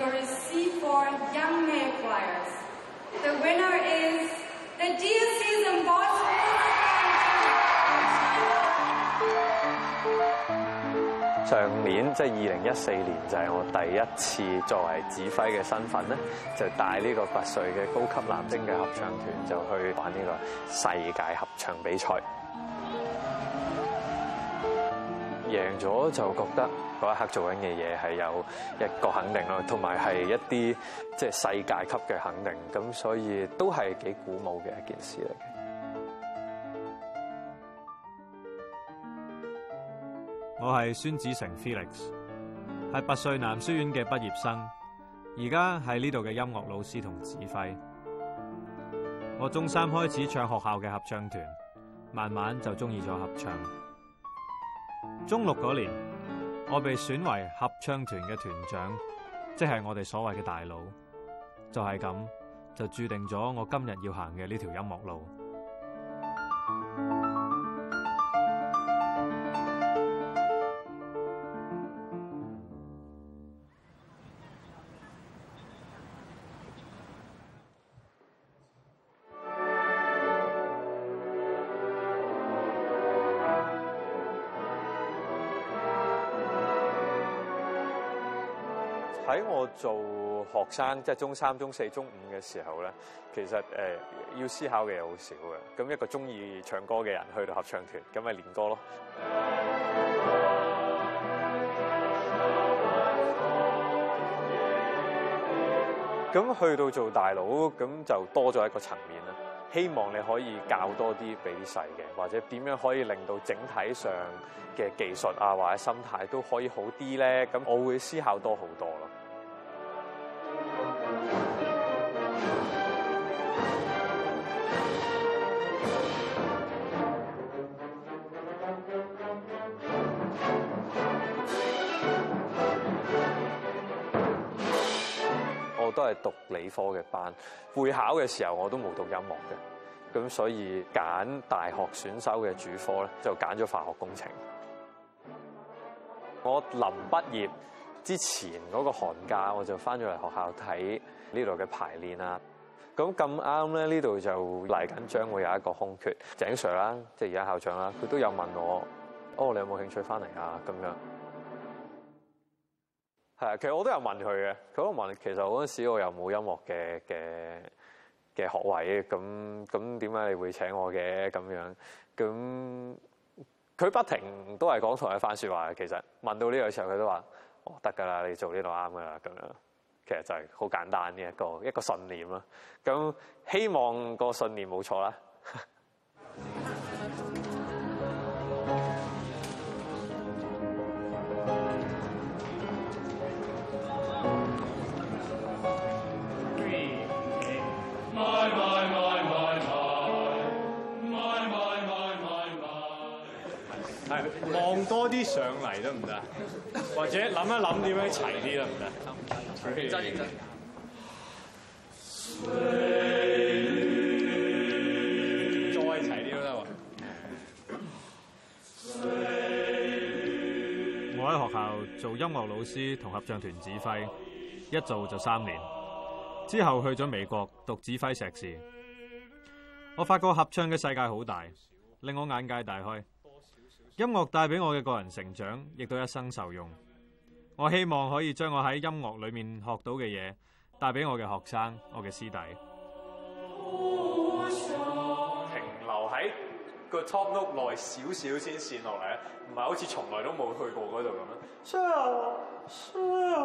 C4 Young Male Choirs，the winner is the DBS e m b o s s m e r t 上年即係二零一四年，就係、是就是、我第一次作為指揮嘅身份咧，就帶呢個拔萃嘅高級男聲嘅合唱團，就去玩呢個世界合唱比賽。贏咗就覺得嗰一刻做緊嘅嘢係有一個肯定咯，同埋係一啲即係世界級嘅肯定，咁所以都係幾鼓舞嘅一件事嚟嘅。我係孫子承 Felix，係拔萃男書院嘅畢業生，而家喺呢度嘅音樂老師同指揮。我中三開始唱學校嘅合唱團，慢慢就中意咗合唱。中六嗰年，我被選為合唱團嘅團長，即係我哋所謂嘅大佬，就係咁，就注定咗我今日要行嘅呢條音樂路。喺我做學生，即係中三、中四、中五嘅時候咧，其實，呃，要思考嘅嘢好少嘅。咁一個中意唱歌嘅人去到合唱團，咁咪練歌咯。咁 去到做大佬，咁就多咗一個層面啦。希望你可以教多啲俾啲細嘅，或者點樣可以令到整體上嘅技術啊，或者心態都可以好啲咧。咁我會思考多好多咯。都係讀理科嘅班，會考嘅時候我都冇讀音樂嘅，咁所以揀大學選修嘅主科咧就揀咗化學工程。我臨畢業之前嗰個寒假，我就翻咗嚟學校睇呢度嘅排練啦。咁咁啱咧，呢度就嚟緊將會有一個空缺，鄭 Sir 啦，即係而家校長啦，佢都有問我，哦，你有冇興趣翻嚟啊？咁樣。係，其實我都有問佢嘅。佢都問，其實嗰陣時我又冇音樂嘅嘅嘅學位，咁咁點解你會請我嘅？咁樣，咁佢不停都係講同一番説話嘅。其實問到呢個時候，佢都話：哦，得㗎啦，你做呢度啱㗎啦。咁樣，其實就係好簡單呢一個一個信念咯。咁希望個信念冇錯啦。 多啲上嚟得唔得？或者諗一諗點樣齊啲得唔得？再齊啲啦！我喺學校做音樂老師同合唱團指揮，一做就三年。之後去咗美國讀指揮碩士，我發覺合唱嘅世界好大，令我眼界大開。音樂帶俾我嘅個人成長，亦都一生受用。我希望可以將我喺音樂裏面學到嘅嘢帶俾我嘅學生、我嘅師弟。停留喺個 top note 耐少少先線落嚟，唔係好似從來都冇去過嗰度咁樣。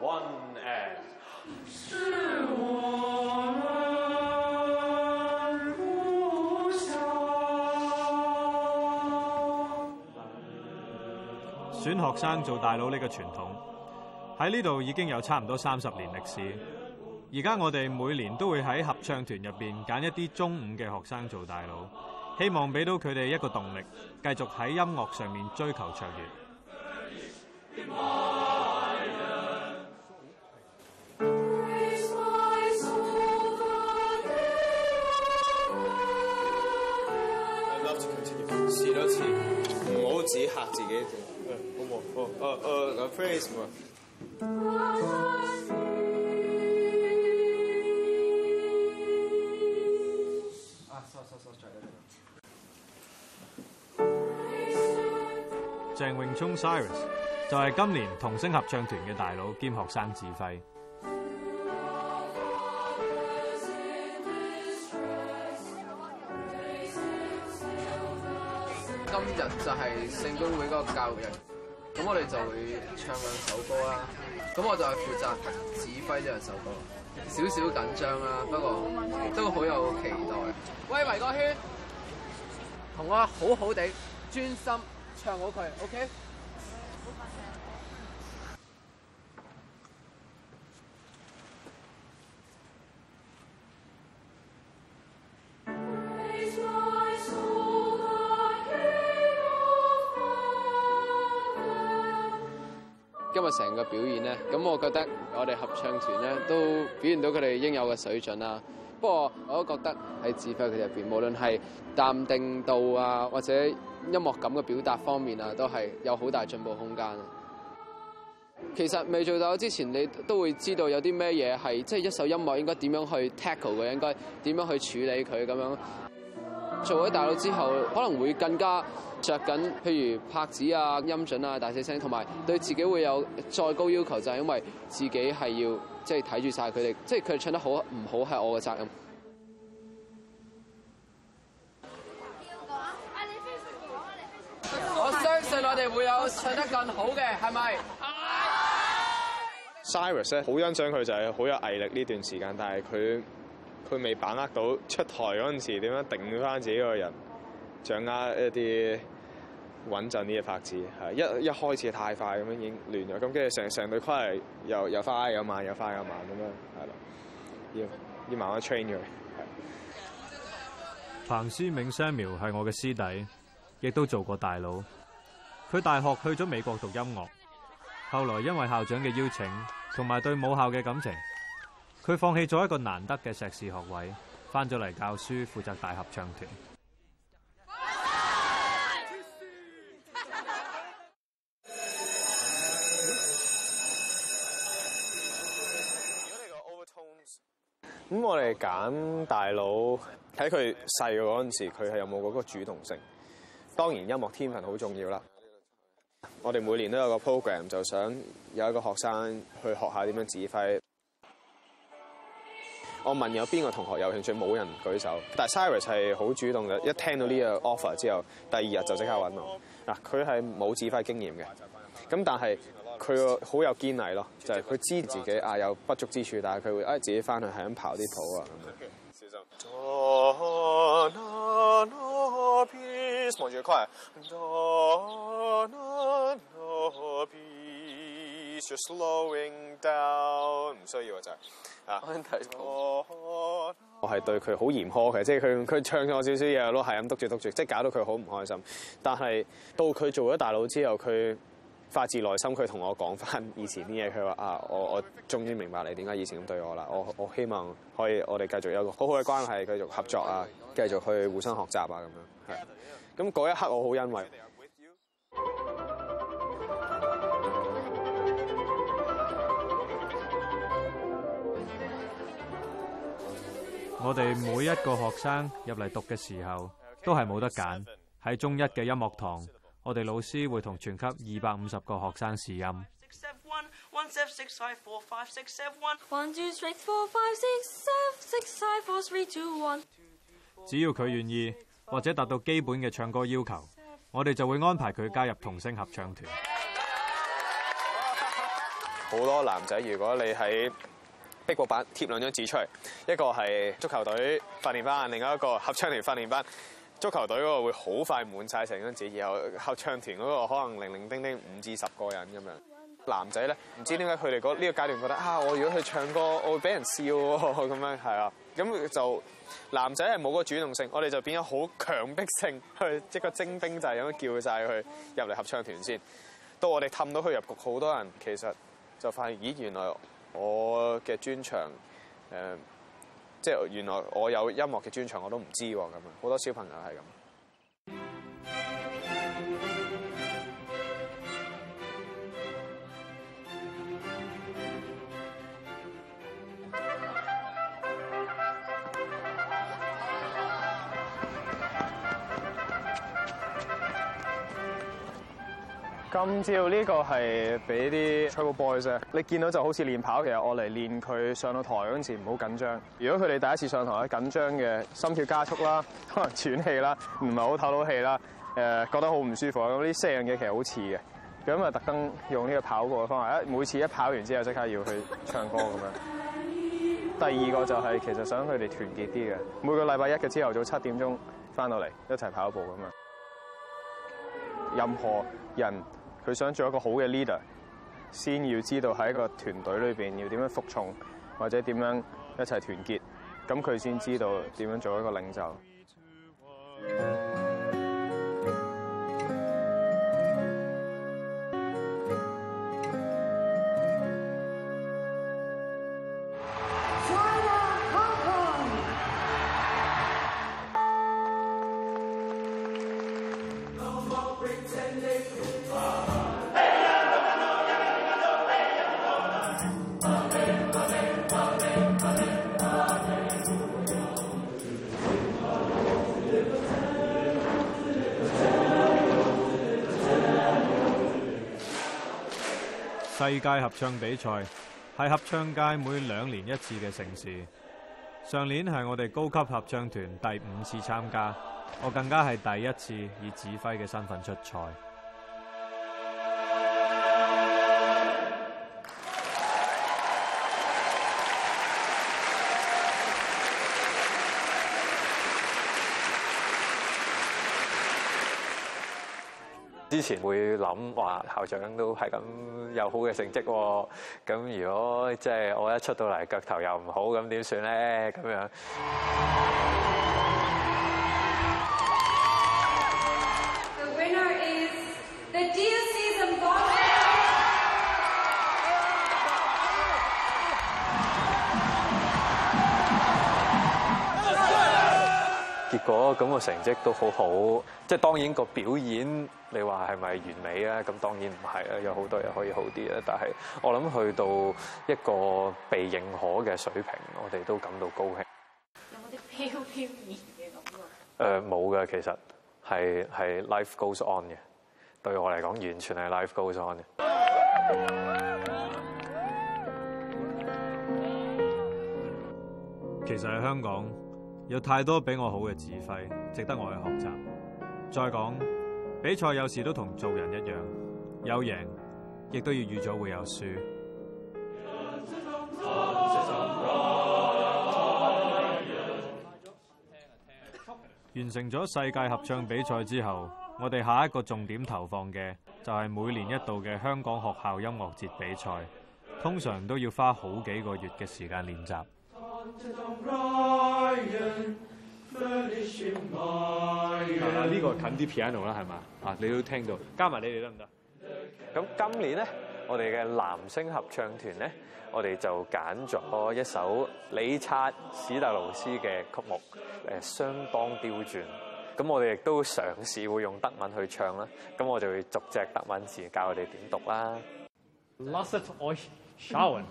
One and 選學生做大佬呢個傳統，喺呢度已經有差唔多三十年歷史。而家我哋每年都會喺合唱團入邊揀一啲中五嘅學生做大佬，希望俾到佢哋一個動力，繼續喺音樂上面追求卓越。哦哦哦，個 phrase 嘛。啊，收收收，著佢哋。鄭永聰 Cyrus 就係今年童聲合唱團嘅大佬兼學生指揮。今日就係聖公會嗰個教育人。咁我哋就會唱兩首歌啦。咁我就係負責指揮呢兩首歌，少少緊張啦，不過都好有期待。喂，圍個圈，同我好好地專心唱好佢，OK？成個表演咧，咁我覺得我哋合唱團咧都表現到佢哋應有嘅水準啦。不過我都覺得喺指揮佢入面，無論係淡定度啊，或者音樂感嘅表達方面啊，都係有好大進步空間。其實未做到之前，你都會知道有啲咩嘢係即係一首音樂應該點樣去 tackle 佢，應該點樣去處理佢咁樣。做咗大佬之後，可能會更加着緊，譬如拍子啊、音準啊、大細聲，同埋對自己會有再高要求，就係、是、因為自己係要即係睇住晒佢哋，即係佢唱得好唔好係我嘅責任、啊我啊我啊。我相信我哋會有唱得更好嘅，係咪？Cyrus 好欣賞佢就係、是、好有毅力呢段時間，但係佢。佢未把握到出台嗰陣時點樣定翻自己個人，掌握一啲穩陣啲嘅拍子，係一一開始太快咁樣已經亂咗，咁跟住成成對昆係又又快又慢又快又慢咁樣，係咯，要要慢慢 train 佢。彭書銘 Samuel 係我嘅師弟，亦都做過大佬。佢大學去咗美國讀音樂，後來因為校長嘅邀請同埋對母校嘅感情。佢放棄咗一個難得嘅碩士學位，翻咗嚟教書，負責大合唱團。咁、嗯、我哋揀大佬，睇佢細個嗰陣時候，佢係有冇嗰個主動性？當然音樂天分好重要啦。我哋每年都有個 program，就想有一個學生去學下點樣指揮。我問有邊個同學有興趣，冇人舉手。但係 Saius 係好主動嘅，一聽到呢個 offer 之後，第二日就即刻揾我。嗱，佢係冇指揮經驗嘅，咁但係佢好有堅毅咯，就係、是、佢知道自己啊有不足之處，但係佢會啊自己翻去係咁刨啲譜啊咁樣。試奏。Just、slowing down 唔，oh，需要啊，就係啊，我係對佢好嚴苛嘅，即係佢佢唱咗少少嘢咯，係咁督住督住，即係搞到佢好唔開心。但係到佢做咗大佬之後，佢發自內心佢同我講返以前啲嘢，佢話啊，我我終於明白你點解以前咁對我啦，我我希望可以我哋繼續有個好好嘅關係，繼續合作啊，繼續去互相學習啊咁樣，係咁嗰一刻我好欣慰。我哋每一個學生入嚟讀嘅時候，都係冇得揀。喺中一嘅音樂堂，我哋老師會同全級二百五十個學生試音。只要佢願意，或者達到基本嘅唱歌要求，我哋就會安排佢加入童聲合唱團。好多男仔，如果你喺即個板貼兩張紙出嚟，一個係足球隊訓練班，另外一個合唱團訓練班。足球隊嗰個會好快滿晒成張紙，然後合唱團嗰個可能零零丁丁五至十個人咁樣。男仔咧，唔知點解佢哋嗰呢個階段覺得啊，我如果去唱歌，我會俾人笑喎，咁樣係啊。咁就男仔係冇個主動性，我哋就變咗好強迫性去一個精兵制就係咁樣叫晒佢入嚟合唱團先。到我哋氹到佢入局好多人，其實就發現咦，原來。我嘅專長，誒、即係原來我有音樂嘅專長我都唔知喎，咁樣好多小朋友係咁。今朝呢個係俾啲 Triple Boys 啫，你見到就好似練跑，其實我嚟練佢上到台嗰陣時唔好緊張。如果佢哋第一次上台咧緊張嘅，心跳加速啦，可能喘氣啦，唔係好透到氣啦，誒、呃、覺得好唔舒服咁啲樣嘢其實好似嘅。咁啊特登用呢個跑步嘅方法，每次一跑完之後即刻要去唱歌咁樣。第二個就係、是、其實想佢哋團結啲嘅，每個禮拜一嘅朝頭早七點鐘翻到嚟一齊跑步咁樣。任何人。佢想做一個好嘅 leader，先要知道喺一個團隊裏面要點樣服從，或者點樣一齊團結，咁佢先知道點樣做一個領袖。世界合唱比賽係合唱界每兩年一次嘅盛事，上年係我哋高級合唱團第五次參加，我更加係第一次以指揮嘅身份出賽。之前會諗話校長都係咁有好嘅成績喎，哦，咁如果即係、就是、我一出到嚟腳頭又唔好，咁點算咧？咁樣。結果咁個成績都好好，即係當然個表演你話係咪完美啊？咁當然唔係啊，有好多嘢可以好啲啊。但係我諗去到一個被認可嘅水平，我哋都感到高興。有冇啲飄飄然嘅感覺？誒冇嘅，其實係係 life goes on 嘅。對我嚟講，完全係 life goes on 嘅。其實喺香港。有太多比我好嘅指揮，值得我去學習。再講，比賽有時都同做人一樣，有贏，亦都要預咗會有輸。完成咗世界合唱比賽之後，我哋下一個重點投放嘅就係每年一度嘅香港學校音樂節比賽，通常都要花好幾個月嘅時間練習。啊，呢個近啲 piano 啦，係嘛？啊，你都聽到，加埋你哋得唔得？咁今年咧，我哋嘅男聲合唱團咧，我哋就揀咗一首李察史特勞斯嘅曲目，誒，相當刁鑽。咁我哋亦都嘗試會用德文去唱啦。咁我就會逐隻德文字教我哋點讀啦。Last night, shower。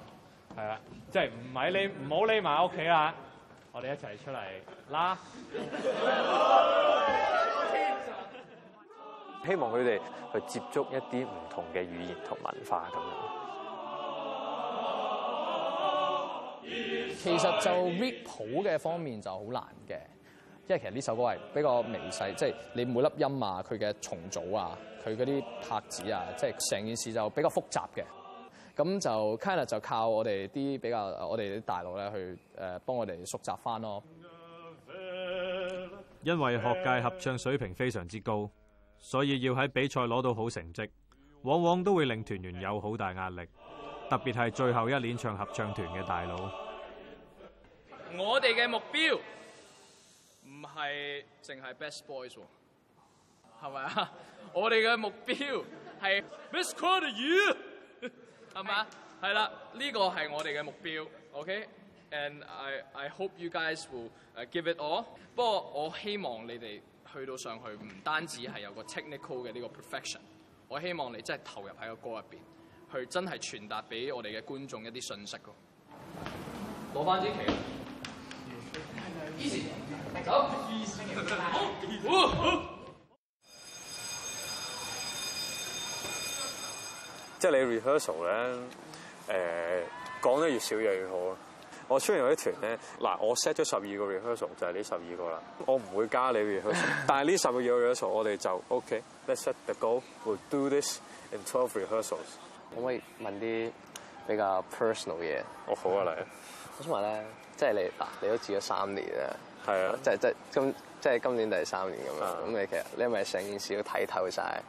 係啊，即係唔係你，唔好匿埋屋企啊！我哋一齊出嚟啦！希望佢哋去接觸一啲唔同嘅語言同文化咁樣。其實就 read 譜嘅方面就好難嘅，因為其實呢首歌係比較微細，即係你每粒音啊，佢嘅重組啊，佢嗰啲拍子啊，即係成件事就比較複雜嘅。咁就 Kyla 就靠我哋啲比較，我哋啲大佬咧去誒、呃、幫我哋熟習翻咯。因為學界合唱水平非常之高，所以要喺比賽攞到好成績，往往都會令團員有好大壓力。特別係最後一年唱合唱團嘅大佬。我哋嘅目標唔係淨係 Best Boys 喎，係咪啊？我哋嘅目標係 Miss Callie Yu、yeah！係嘛？係啦，呢、這個係我哋嘅目標。OK，and、okay? I I hope you guys will give it all。不過我希望你哋去到上去唔單止係有個 technical 嘅呢個 perfection，我希望你真係投入喺個歌入邊，去真係傳達俾我哋嘅觀眾一啲信息。攞翻啲旗。伊斯，yeah. Ease, yeah. 走。即係你 rehearsal 咧，誒、呃、講得越少嘢越好咯。我雖然有啲團咧，嗱我 set 咗十二個 rehearsal 就係呢十二個啦。我唔會加你的 rehearsal， 但係呢十二個 rehearsal 我哋就 OK。Let's set the goal. We、we'll、do this in twelve rehearsals。可唔可以問啲比較 personal 嘢？我、哦、好啊，你我想問咧，即係你嗱，你都住咗三年啦，係啊，即係即係今即係今年第三年咁樣，咁、嗯、你其實你係咪成件事都睇透晒？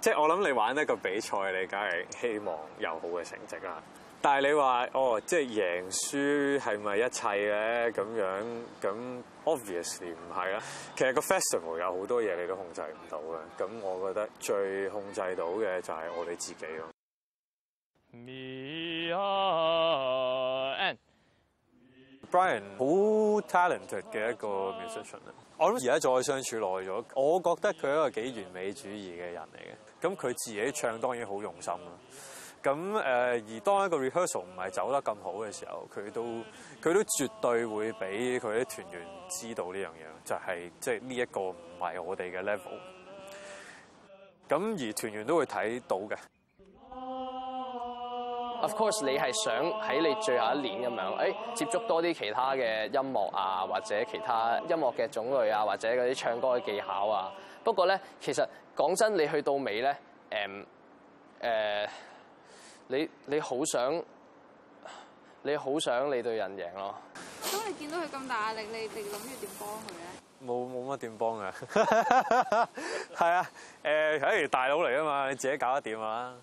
即係我諗，你玩一個比賽，你梗係希望有好嘅成績啦。但係你話哦，即係贏輸係咪一切咧？咁樣咁 obviously 唔係啦。其實個 festival 有好多嘢你都控制唔到嘅。咁我覺得最控制到嘅就係我哋自己咯。Brian 好 talented 嘅一個 musician 啊！我諗而家再相處耐咗，我覺得佢係一個幾完美主義嘅人嚟嘅。咁佢自己唱當然好用心啦。咁、呃、而當一個 rehearsal 唔係走得咁好嘅時候，佢都佢都絕對會俾佢啲團員知道呢樣嘢，就係即係呢一個唔係我哋嘅 level。咁而團員都會睇到嘅。Of course，你係想喺你最後一年咁樣，哎，接觸多啲其他嘅音樂啊，或者其他音樂嘅種類啊，或者嗰啲唱歌嘅技巧啊。不過咧，其實講真，你去到尾咧，誒、嗯、誒、呃，你你好想，你好想你對人贏咯。當你見到佢咁大壓力，你哋諗住點幫佢咧？冇冇乜點幫啊？係、呃、啊，誒，係大佬嚟啊嘛，你自己搞得掂啊！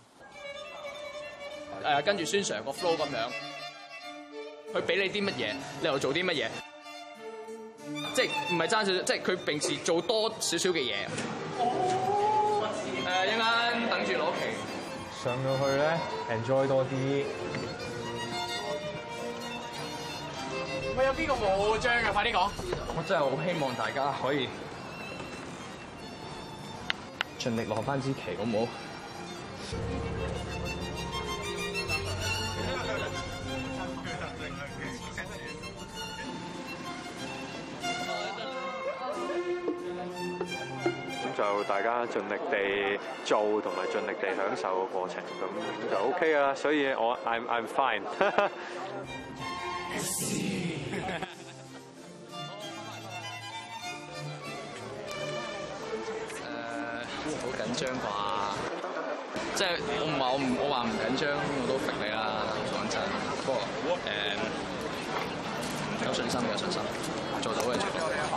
誒，跟住宣 sir 個 flow 咁樣，佢俾你啲乜嘢，你又做啲乜嘢？即係唔係爭少少，即係佢平時做多少少嘅嘢。誒，一陣間等住攞旗。上到去咧，enjoy 多啲 。我有邊個冇章嘅？快啲講。我真係好希望大家可以盡力落翻支旗，好唔好？ 就大家盡力地做同埋盡力地享受個過程咁就 OK 㗎喇！所以我 I'm I'm fine。誒，好緊張啩？即係我唔係我唔我話唔緊張，我都服你啦，講真。不過誒，有信心有信心，做到嘅做，就做，就做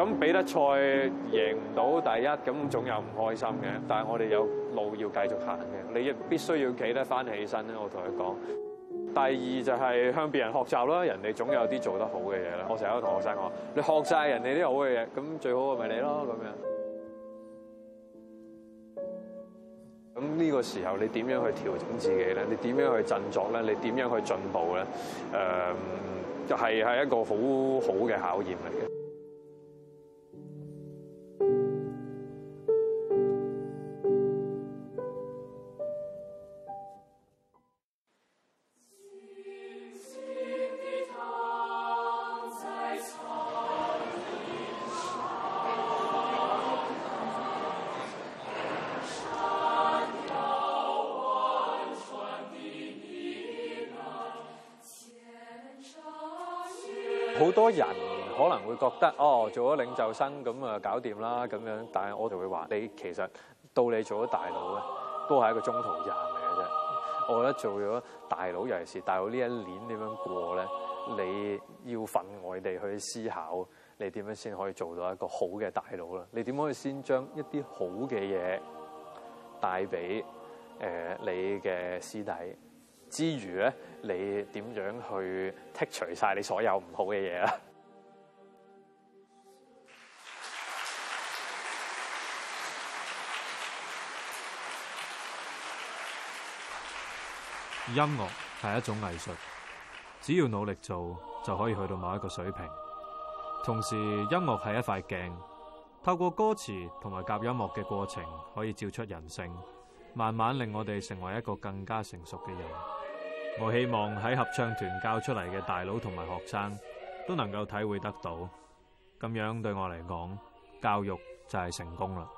咁比得賽贏唔到第一，咁總有唔開心嘅。但係我哋有路要繼續行嘅，你亦必須要企得翻起身咧。我同佢講。第二就係向別人學習啦，人哋總有啲做得好嘅嘢啦。我成日都同學生講，你學曬人哋啲好嘅嘢，咁最好係咪你咯？咁樣。咁呢個時候你點樣去調整自己咧？你點樣去振作咧？你點樣去進步咧？誒、呃，就係、是、係一個好好嘅考驗嚟嘅。覺得哦，做咗領袖生咁啊，搞掂啦咁樣。但係我就會話你其實，到你做咗大佬咧，都係一個中途站嚟嘅啫。我覺得做咗大佬，尤其是大佬呢一年點樣過咧，你要分外地去思考，你點樣先可以做到一個好嘅大佬啦？你點可以先將一啲好嘅嘢帶俾誒你嘅師弟之餘咧？你點樣去剔除晒你所有唔好嘅嘢。音樂係一種藝術，只要努力做就可以去到某一個水平。同時，音樂係一塊鏡，透過歌詞同埋夾音樂嘅過程，可以照出人性，慢慢令我哋成為一個更加成熟嘅人。我希望喺合唱團教出嚟嘅大佬同埋學生都能夠體會得到，咁樣對我嚟講，教育就係成功啦。